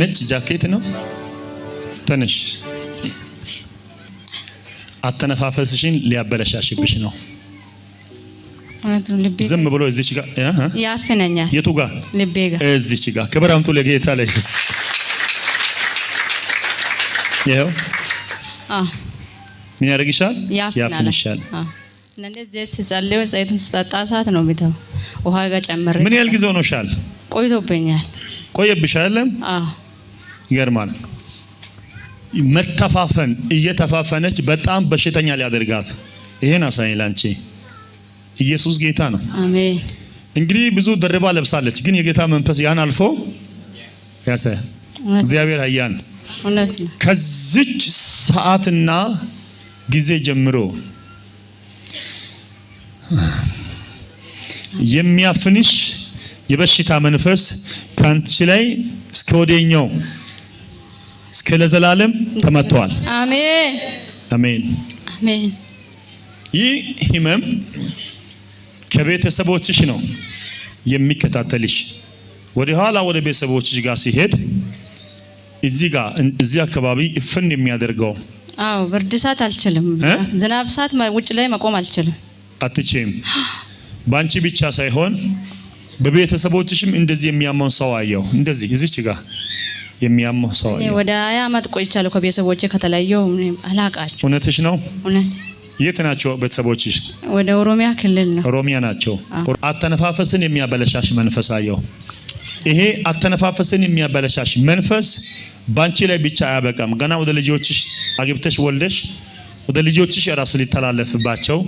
ነጭ ጃኬት ነው። ትንሽ አተነፋፈስሽን ሊያበለሻሽብሽ ነው። ዝም ብሎ እዚች ጋር ያፍነኛል። የቱ ጋር? ልቤ ጋር፣ እዚች ጋር። ክብር አምጡ ለጌታ ለኢየሱስ። ይኸው ምን ያደርግሻል? ያፍንሻል። እንደዚህ ሲጸልይ ዘይቱን ስጠጣ ሰዓት ነው ቢተው ውሃ ጋር ጨምሬ ምን ያህል ጊዜ ሆኖሻል? ቆይቶብኛል። ቆየብሻል? አዎ ይገርማል። መከፋፈን እየተፋፈነች በጣም በሽተኛ ሊያደርጋት ይሄን አሳይ ላንቺ ኢየሱስ ጌታ ነው። አሜን። እንግዲህ ብዙ ደርባ ለብሳለች፣ ግን የጌታ መንፈስ ያን አልፎ ያሰ እግዚአብሔር ኃያል ከዚች ሰዓትና ጊዜ ጀምሮ የሚያፍንሽ የበሽታ መንፈስ ካንቺ ላይ እስከ ወዲያኛው እስከ ለዘላለም ተመቷል። አሜን አሜን አሜን። ይህ ህመም ከቤተሰቦችሽ ነው የሚከታተልሽ። ወደ ኋላ ወደ ቤተሰቦችሽ ጋር ሲሄድ እዚህ ጋር እዚህ አካባቢ እፍን የሚያደርገው አዎ፣ ብርድ ሰዓት አልችልም። ዝናብ ሰዓት ውጭ ላይ መቆም አልችልም። አትችም። ባንቺ ብቻ ሳይሆን በቤተሰቦችሽም እንደዚህ የሚያመው ሰው አየው። እንደዚህ እዚች ጋ የሚያመው ሰው አየው። ወደ ሀያ ዓመት ቆይቻለሁ ከቤተሰቦቼ ከተለየው አላቃቸው። እውነትሽ ነው። የት ናቸው ቤተሰቦችሽ? ወደ ኦሮሚያ ክልል ነው። ኦሮሚያ ናቸው። አተነፋፈስን የሚያበለሻሽ መንፈስ አየው። ይሄ አተነፋፈስን የሚያበለሻሽ መንፈስ ባንቺ ላይ ብቻ አያበቃም። ገና ወደ ልጆችሽ አግብተሽ ወልደሽ ወደ ልጆችሽ የራሱ ሊተላለፍባቸው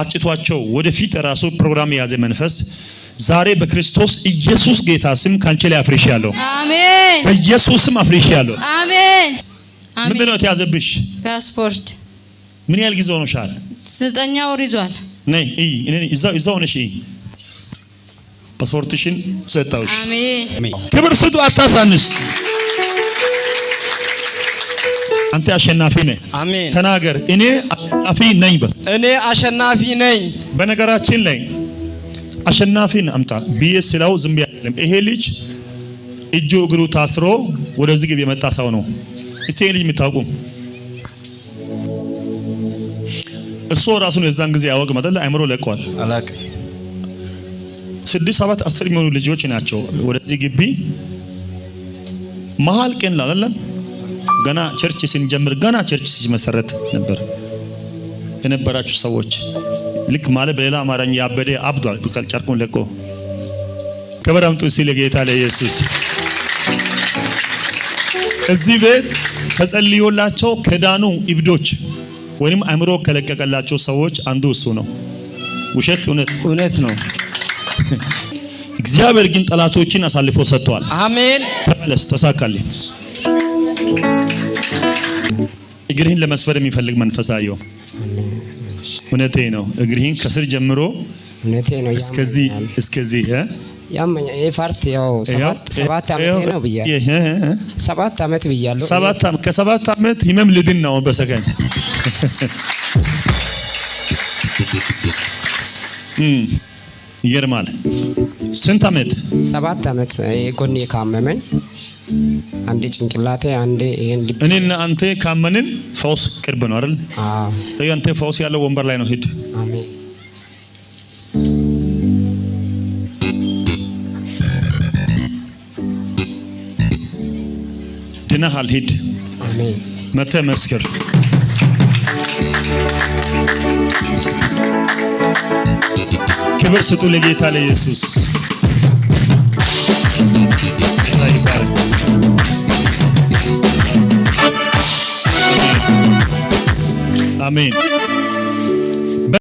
አጭቷቸው ወደፊት ራሱ ፕሮግራም የያዘ መንፈስ ዛሬ በክርስቶስ ኢየሱስ ጌታ ስም ካንቺ ላይ አፍርሻለሁ። አሜን። በኢየሱስ ስም አፍርሻለሁ። አሜን። ምንድን ነው የተያዘብሽ? ፓስፖርት። ምን ያህል ጊዜ ሆኖሻል? ዘጠኛ ወር ይዟል። ነይ እይ፣ እኔ እዛው እዛው ነሽ። እይ፣ ፓስፖርትሽን ሰጣውሽ። አሜን። ክብር ስጡ፣ አታሳንስ። አንተ አሸናፊ ነህ። አሜን። ተናገር። እኔ አሸናፊ ነኝ በል። እኔ አሸናፊ ነኝ። በነገራችን ላይ አሸናፊን አምጣ ብዬ ስለው ዝም ያለም። ይሄ ልጅ እጁ እግሩ ታስሮ ወደዚህ ግብ የመጣ ሰው ነው። እስቲ ልጅ የምታውቁ እሱ ራሱን የዛን ጊዜ ያወቅ መጠለ አይምሮ ለቀዋል። ስድስት ሰባት አስር የሚሆኑ ልጆች ናቸው ወደዚህ ግቢ መሀል ቀን ላለም ገና ቸርች ስንጀምር ገና ቸርች ሲመሰረት ነበር የነበራችሁ ሰዎች ልክ ማለት በሌላ አማርኛ ያበደ አብዷል። ጨርቁን ለቆ ክብር አምጡ ሲል ጌታ ለኢየሱስ እዚህ ቤት ተጸልዮላቸው ከዳኑ እብዶች ወይም አእምሮ ከለቀቀላቸው ሰዎች አንዱ እሱ ነው። ውሸት እውነት እውነት ነው። እግዚአብሔር ግን ጠላቶችን አሳልፎ ሰጥቷል። አሜን። ተመለስ፣ ተሳካለ። እግርህን ለመስፈር የሚፈልግ መንፈሳየው እውነቴ ነው። እግሪህን ከስር ጀምሮ እውነቴ ነው። እስከዚህ እስከዚህ ያመኛል። ይሄ ፓርት ያው ሰባት ዓመት ነው ብያለሁ። ሰባት ዓመት ብያለሁ። ሰባት ዓመት ከሰባት ዓመት ህመም ልድን ነው በሰከን እም ይገርማል። ስንት አመት? ሰባት አመት ጎን ካመመኝ አንዴ ጭንቅላቴ አንዴ ይሄን እኔና አንተ ካመንን ፈውስ ቅርብ ነው አይደል? አዎ። አንተ ፈውስ ያለው ወንበር ላይ ነው። ሂድ። አሜን። ድነሃል። ሂድ። አሜን። መተ መስክር። ክብር ስጡ ለጌታ ለኢየሱስ አሜን።